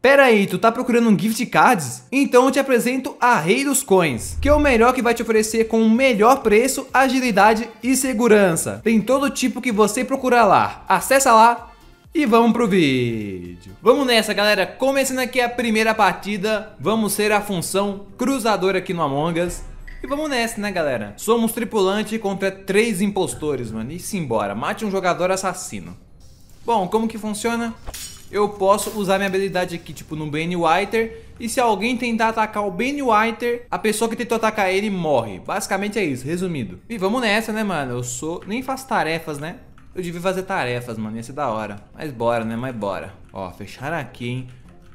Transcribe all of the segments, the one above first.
Pera aí, tu tá procurando um gift cards? Então eu te apresento a Rei dos Coins, que é o melhor que vai te oferecer com o melhor preço, agilidade e segurança. Tem todo tipo que você procurar lá. Acessa lá e vamos pro vídeo. Vamos nessa, galera. Começando aqui a primeira partida, vamos ser a função cruzador aqui no Among Us. E vamos nessa, né, galera? Somos tripulante contra três impostores, mano. E simbora. Mate um jogador assassino. Bom, como que funciona? eu posso usar minha habilidade aqui, tipo, no Benny Whiter. E se alguém tentar atacar o Benny Whiter, a pessoa que tentou atacar ele morre. Basicamente é isso, resumido. E vamos nessa, né, mano? Eu sou... Nem faço tarefas, né? Eu devia fazer tarefas, mano. Ia ser da hora. Mas bora, né? Mas bora. Ó, fecharam aqui, hein?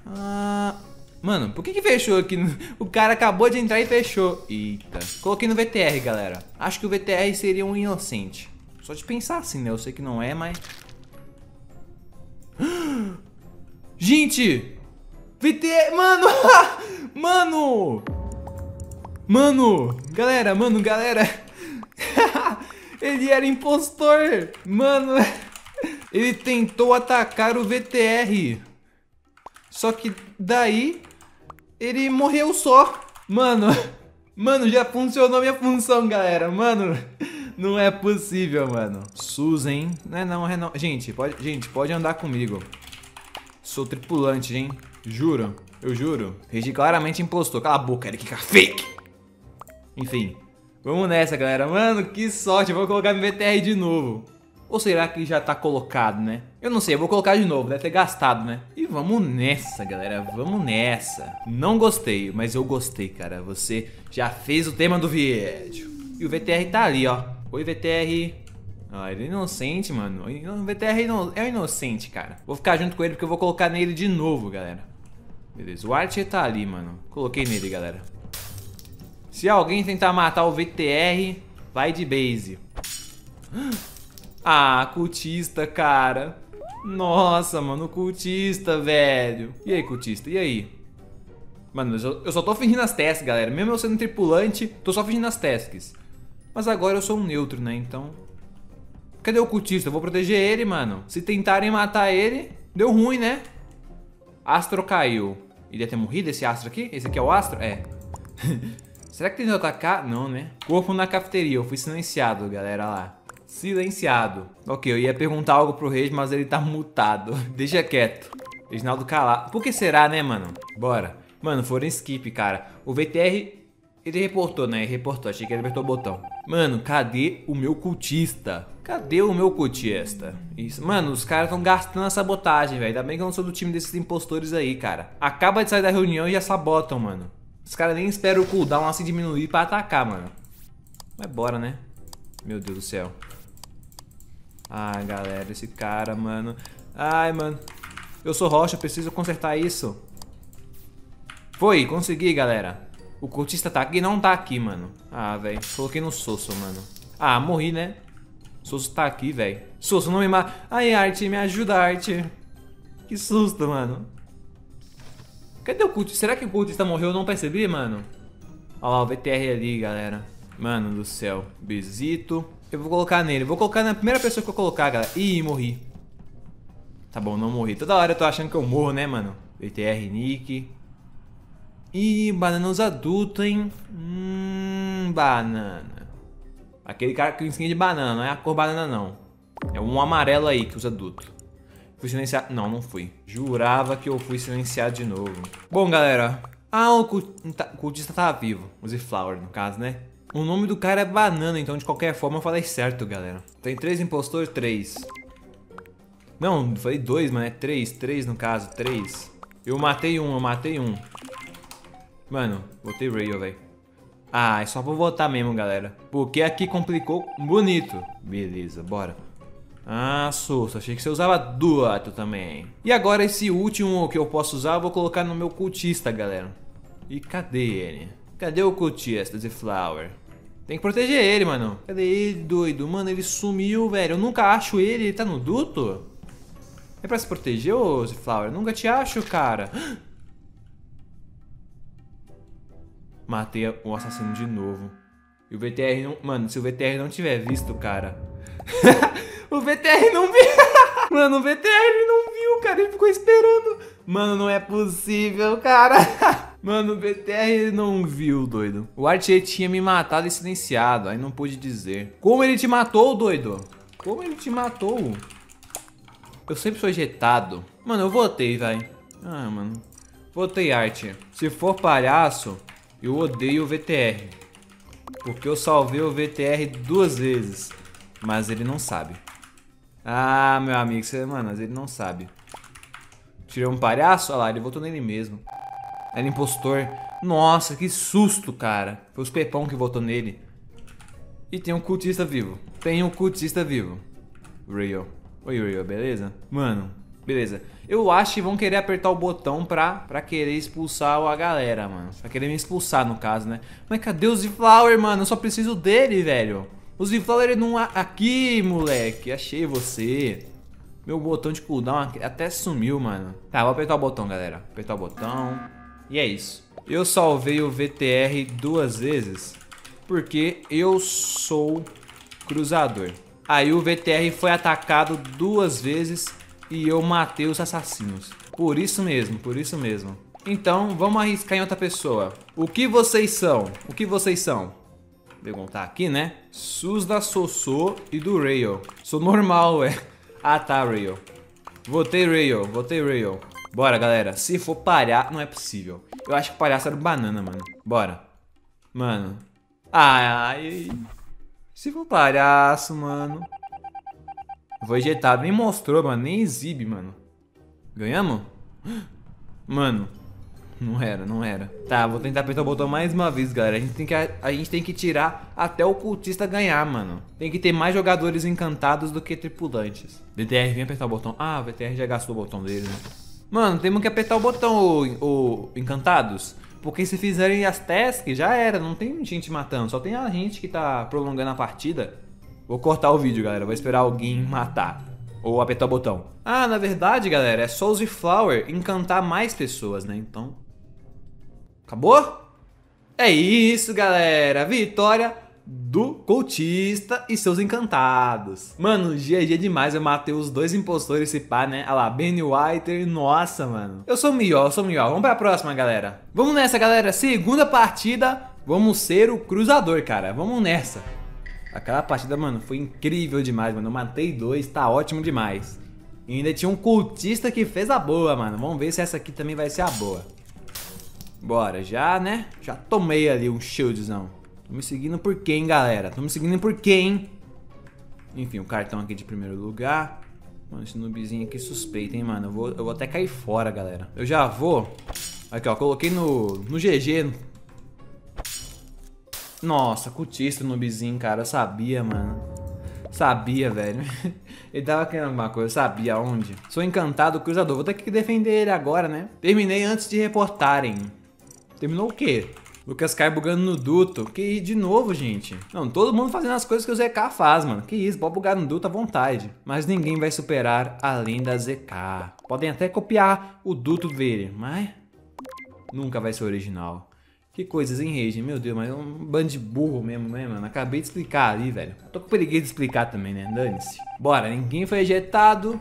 Ah... Mano, por que que fechou aqui? O cara acabou de entrar e fechou. Eita. Coloquei no VTR, galera. Acho que o VTR seria um inocente. Só de pensar assim, né? Eu sei que não é, mas... Gente! VT... Mano! mano! Mano! Galera, mano, galera! Ele era impostor! Mano! Ele tentou atacar o VTR. Só que daí... Ele morreu só. Mano... Mano, já funcionou minha função, galera. Mano... Não é possível, mano. Susan, Não é não, é não. Gente, pode, gente, pode andar comigo. Sou tripulante, hein? Juro, eu juro. Regi claramente impostor. Cala a boca, Eric Fake! Enfim, vamos nessa, galera. Mano, que sorte, eu vou colocar no VTR de novo. Ou será que já tá colocado, né? Eu não sei, eu vou colocar de novo, deve ter gastado, né? E vamos nessa, galera, vamos nessa. Não gostei, mas eu gostei, cara. Você já fez o tema do vídeo. E o VTR tá ali, ó. Oi, VTR. Ah, ele é inocente, mano. O VTR é, é, inocente, cara. Vou ficar junto com ele porque eu vou colocar nele de novo, galera. Beleza, o Archer tá ali, mano. Coloquei nele, galera. Se alguém tentar matar o VTR, vai de base. Ah, cultista, cara. Nossa, mano, cultista, velho. E aí, cultista, e aí? Mano, eu só tô fingindo as tasks, galera. Mesmo eu sendo tripulante, tô só fingindo as tasks. Mas agora eu sou um neutro, né? Então Cadê o cultista? Eu vou proteger ele, mano. Se tentarem matar ele, deu ruim, né? Astro caiu. Ele ia ter morrido esse astro aqui? Esse aqui é o astro? É. Será que tentou atacar? Não, né? Corpo na cafeteria. Eu fui silenciado, galera, lá. Silenciado. Ok, eu ia perguntar algo pro rei, mas ele tá mutado. Deixa quieto. Reginaldo calado. Por que será, né, mano? Bora. Mano, foram skip, cara. O VTR ele reportou, né? Ele reportou, achei que ele apertou o botão. Mano, cadê o meu cultista? Cadê o meu cultista? Isso. Mano, os caras estão gastando a sabotagem, velho. Ainda bem que eu não sou do time desses impostores aí, cara. Acaba de sair da reunião e já sabotam, mano. Os caras nem esperam o cooldown assim diminuir pra atacar, mano. Mas bora, né? Meu Deus do céu. Ah, galera, esse cara, mano. Ai, mano. Eu sou rocha, preciso consertar isso. Foi, consegui, galera. O cultista tá aqui? Não tá aqui, mano. Ah, velho. Coloquei no Sosso, mano. Ah, morri, né? Sosso tá aqui, velho. Sosso, não me mata. Ai, Arte, me ajuda, Arte. Que susto, mano. Cadê o cultista? Será que o cultista morreu? Eu não percebi, mano. Olha lá, o VTR ali, galera. Mano do céu. Besito. Eu vou colocar nele. Vou colocar na primeira pessoa que eu colocar, galera. Ih, morri. Tá bom, não morri. Toda hora eu tô achando que eu morro, né, mano? VTR, Nick. E bananas adultas, hein? Hum, banana. Aquele cara que skin de banana, não é a cor banana não. É um amarelo aí que usa adulto. Fui silenciado. Não, não fui. Jurava que eu fui silenciado de novo. Bom, galera. Ah, o cultista tá vivo. O Flower, no caso, né? O nome do cara é Banana, então de qualquer forma eu falei certo, galera. Tem três impostores? Três. Não, falei dois, mas é três. Três no caso, três. Eu matei um, eu matei um. Mano, votei Rayo, velho. Ah, é só pra votar mesmo, galera. Porque aqui complicou bonito. Beleza, bora. Ah, susto. Achei que você usava duato também. E agora esse último que eu posso usar, eu vou colocar no meu cultista, galera. E cadê ele? Cadê o cultista de Flower? Tem que proteger ele, mano. Cadê ele, doido? Mano, ele sumiu, velho. Eu nunca acho ele. Ele tá no duto? É pra se proteger, ô Flower? Eu nunca te acho, cara. matei o assassino de novo. E o VTR não. Mano, se o VTR não tiver visto, cara. o VTR não viu. Mano, o VTR não viu, cara. Ele ficou esperando. Mano, não é possível, cara. Mano, o BTR não viu, doido. O Artier tinha me matado e silenciado, aí não pude dizer. Como ele te matou, doido? Como ele te matou? Eu sempre sou ejetado. Mano, eu votei, vai. Ah, mano. Votei, Artier. Se for palhaço, eu odeio o VTR. Porque eu salvei o VTR duas vezes. Mas ele não sabe. Ah, meu amigo, você, mano, mas ele não sabe. Tirei um palhaço? Olha lá, ele voltou nele mesmo. Era é impostor. Nossa, que susto, cara. Foi os Pepão que votou nele. E tem um cultista vivo. Tem um cultista vivo. Real. Oi, Real, beleza? Mano, Beleza. Eu acho que vão querer apertar o botão pra, pra querer expulsar a galera, mano. Pra querer me expulsar, no caso, né? Mas cadê o Z-Flower, mano? Eu só preciso dele, velho. O Z-Flower não... Aqui, moleque. Achei você. Meu botão de cooldown até sumiu, mano. Tá, vou apertar o botão, galera. Apertar o botão. E é isso. Eu salvei o VTR duas vezes. Porque eu sou cruzador. Aí o VTR foi atacado duas vezes e eu matei os assassinos. Por isso mesmo, por isso mesmo. Então, vamos arriscar em outra pessoa. O que vocês são? O que vocês são? Perguntar aqui, né? Sus da Sossô e do Rail. Sou normal, é. Ah, tá, Rail. Votei Rail, votei Rail. Bora, galera. Se for palhaço, não é possível. Eu acho que palhaço era banana, mano. Bora. Mano. Ai, ai. Se for palhaço, mano. Vegetado. Nem mostrou, mano. Nem exibe, mano. Ganhamos? Mano. Não era, não era. Tá, vou tentar apertar o botão mais uma vez, galera. A gente tem que, a, gente tem que tirar até o cultista ganhar, mano. Tem que ter mais jogadores encantados do que tripulantes. VTR, vem apertar o botão. Ah, o VTR já gastou o botão dele, né? Mano, temos que apertar o botão, ô, ô, encantados. Porque se fizerem as tasks, já era. Não tem gente matando. Só tem a gente que tá prolongando a partida. Vou cortar o vídeo, galera. Vou esperar alguém matar. Ou apertar o botão. Ah, na verdade, galera, é só usar Flower encantar mais pessoas, né? Então... Acabou? É isso, galera. Vitória do cultista e seus encantados. Mano, GG é demais, eu matei os dois impostores esse pá, né? Olha lá, Benny Whiter, nossa, mano. Eu sou melhor, eu sou melhor. Vamos pra próxima, galera. Vamos nessa, galera. Segunda partida, vamos ser o cruzador, cara. Vamos nessa. Aquela partida, mano, foi incrível demais, mano. Eu matei dois, tá ótimo demais. E ainda tinha um cultista que fez a boa, mano. Vamos ver se essa aqui também vai ser a boa. Bora, já, né? Já tomei ali um shieldzão. Tô me seguindo por quem, galera? Tô me seguindo por quem? Enfim, o cartão aqui de primeiro lugar. Mano, esse noobzinho aqui suspeito, hein, mano. Eu vou, eu vou até cair fora, galera. Eu já vou... Aqui, ó. Coloquei no, no GG, nossa, cultista noobzinho, cara. Eu sabia, mano. Sabia, velho. ele tava querendo alguma coisa, sabia onde. Sou encantado, cruzador. Vou ter que defender ele agora, né? Terminei antes de reportarem. Terminou o quê? Lucas cai bugando no duto. Que de novo, gente. Não, todo mundo fazendo as coisas que o ZK faz, mano. Que isso, pode bugar no duto à vontade. Mas ninguém vai superar além da ZK. Podem até copiar o duto dele, mas... Nunca vai ser original. Que coisas, hein, Rage? Meu Deus, mas é um bando de burro mesmo, né, mano? Acabei de explicar ali, velho. Tô com preguiça de explicar também, né? Dane-se. Bora, ninguém foi ejetado.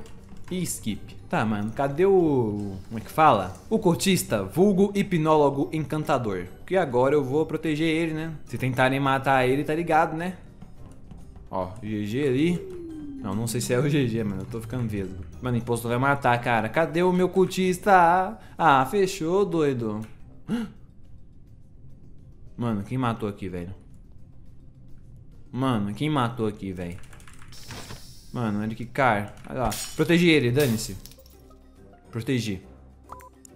E skip. Tá, mano, cadê o... como é que fala? O cortista, vulgo hipnólogo encantador. Que agora eu vou proteger ele, né? Se tentarem matar ele, tá ligado, né? Ó, GG ali. Não, não sei se é o GG, mano. Eu tô ficando vesgo. Mano, o impostor vai matar, cara. Cadê o meu cultista? Ah, fechou, doido. Mano, quem matou aqui, velho? Mano, quem matou aqui, velho? Mano, ele que car. Olha lá. Protegi ele, dane-se. Protegi.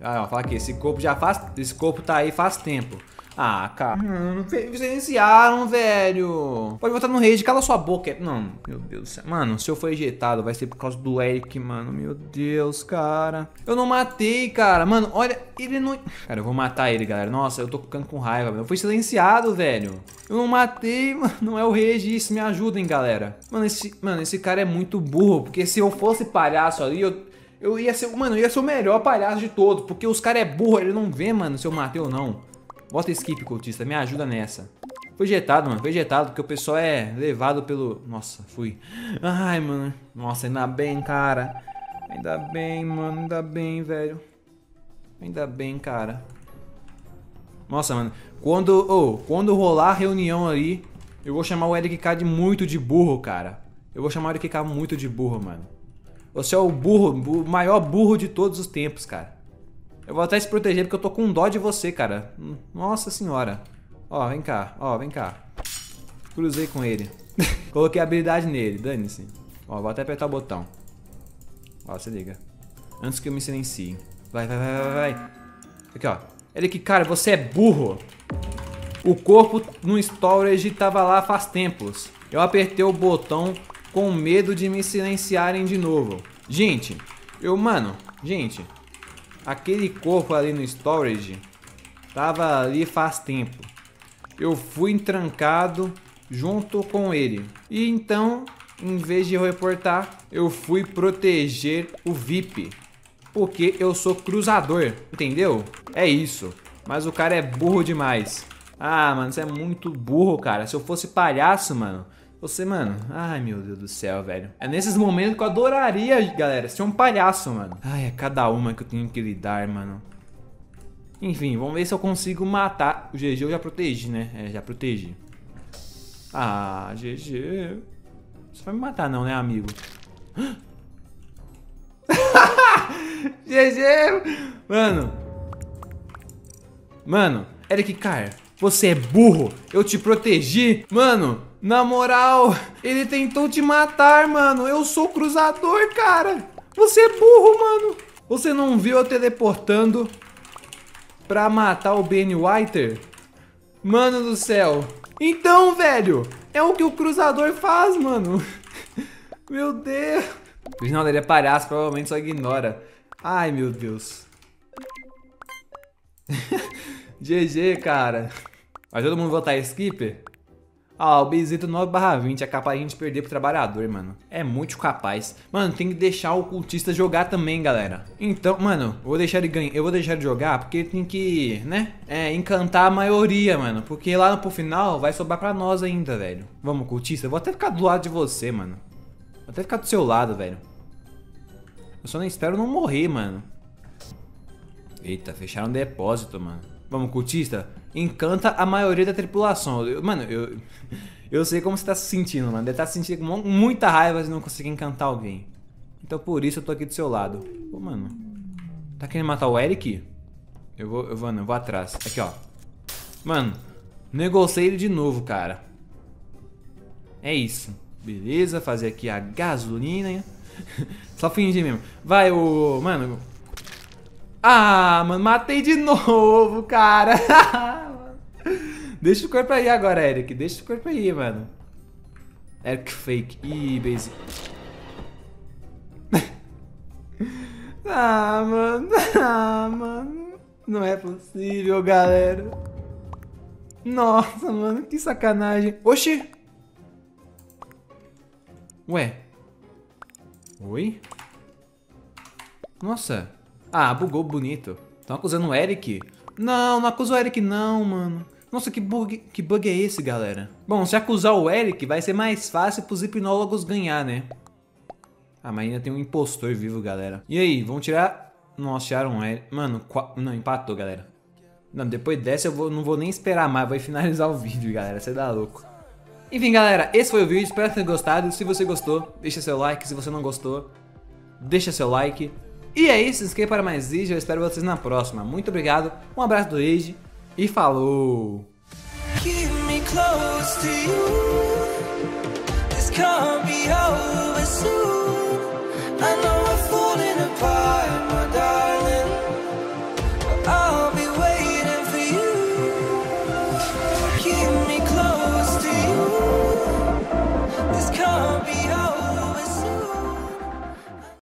Ah, lá, fala aqui, esse corpo já faz. Esse corpo tá aí faz tempo. Ah, cara. Mano, silenciaram, velho. Pode voltar no Rage, cala sua boca. Não, meu Deus do céu. Mano, se eu for ejetado, vai ser por causa do Eric, mano. Meu Deus, cara. Eu não matei, cara. Mano, olha, ele não... Cara, eu vou matar ele, galera. Nossa, eu tô ficando com raiva, velho. Eu fui silenciado, velho. Eu não matei, mano. Não é o Rage isso. Me ajudem, galera. Mano esse... mano, esse cara é muito burro. Porque se eu fosse palhaço ali, eu... Eu ia ser, mano, eu ia ser o melhor palhaço de todos, porque os caras é burro, ele não vê, mano, se eu matei ou não. Bota skip, cultista. Me ajuda nessa. Foi jetado, mano. Foi jetado, porque o pessoal é levado pelo... Nossa, fui. Ai, mano. Nossa, ainda bem, cara. Ainda bem, mano. Ainda bem, velho. Ainda bem, cara. Nossa, mano. Quando, oh, quando rolar a reunião ali, eu vou chamar o Eric K de muito de burro, cara. Eu vou chamar o Eric K muito de burro, mano. Você é o burro, o maior burro de todos os tempos, cara. Eu vou até se proteger porque eu tô com dó de você, cara. Nossa senhora. Ó, vem cá. Ó, vem cá. Cruzei com ele. Coloquei habilidade nele. Dane-se. Ó, vou até apertar o botão. Ó, se liga. Antes que eu me silencie. Vai, vai, vai, vai, vai. Aqui, ó. Ele que, cara, você é burro. O corpo no storage tava lá faz tempos. Eu apertei o botão com medo de me silenciarem de novo. Gente, eu, mano, gente, Aquele corpo ali no storage tava ali faz tempo. Eu fui trancado junto com ele. E então, em vez de reportar, eu fui proteger o VIP. Porque eu sou cruzador, entendeu? É isso. Mas o cara é burro demais. Ah, mano, você é muito burro, cara. Se eu fosse palhaço, mano, você, mano, ai meu Deus do céu, velho. É nesses momentos que eu adoraria, galera, ser um palhaço, mano. Ai, é cada uma que eu tenho que lidar, mano. Enfim, vamos ver se eu consigo matar. O GG eu já protegi, né? É, já protegi. Ah, GG. Você vai me matar não, né, amigo? GG! Mano. Mano, Eric Car, você é burro. Eu te protegi. Mano, na moral, ele tentou te matar, mano. Eu sou cruzador, cara. Você é burro, mano. Você não viu eu teleportando pra matar o Ben Whiter? Mano do céu. Então, velho, é o que o cruzador faz, mano. Meu Deus. O Reginaldo, ele é palhaço, provavelmente só ignora. Ai, meu Deus. GG, cara. Vai todo mundo votar Skipper? Ah, o Bezeta 9 barra 20 é capaz de a gente perder pro trabalhador, mano. É muito capaz. Mano, tem que deixar o cultista jogar também, galera. Então, mano, vou deixar ele ganhar. Eu vou deixar ele jogar porque tem que, né? É, encantar a maioria, mano. Porque lá pro final vai sobrar pra nós ainda, velho. Vamos, cultista. Eu vou até ficar do lado de você, mano. Vou até ficar do seu lado, velho. Eu só não espero não morrer, mano. Eita, fecharam o depósito, mano vamos cultista, encanta a maioria da tripulação. Eu, mano, eu, eu sei como você tá se sentindo, mano. Deve estar tá se sentindo com muita raiva de não conseguir encantar alguém. Então por isso eu tô aqui do seu lado. Pô, mano. Tá querendo matar o Eric? Eu vou, eu, mano, eu vou atrás. Aqui, ó. Mano, negociei ele de novo, cara. É isso. Beleza, fazer aqui a gasolina. Só fingir mesmo. Vai, o. Mano, ah, mano, matei de novo, cara. Deixa o corpo aí agora, Eric. Deixa o corpo aí, mano. Eric fake. Ih, base. ah, mano. Ah, mano. Não é possível, galera. Nossa, mano. Que sacanagem. Oxi. Ué. Oi? Nossa. Ah, bugou bonito. Estão acusando o Eric? Não, não acusa o Eric não, mano. Nossa, que bug, que bug é esse, galera? Bom, se acusar o Eric, vai ser mais fácil pros hipnólogos ganhar, né? Ah, mas ainda tem um impostor vivo, galera. E aí, vão tirar... Nossa, tiraram o Eric. Mano, qua... não, empatou, galera. Não, depois dessa eu vou, não vou nem esperar mais, vou finalizar o vídeo, galera. Você dá tá louco. Enfim, galera, esse foi o vídeo. Espero que tenha gostado. Se você gostou, deixa seu like. Se você não gostou, deixa seu like. E é isso, inscreva para mais vídeos, eu espero vocês na próxima. Muito obrigado, um abraço do Age e falou! I know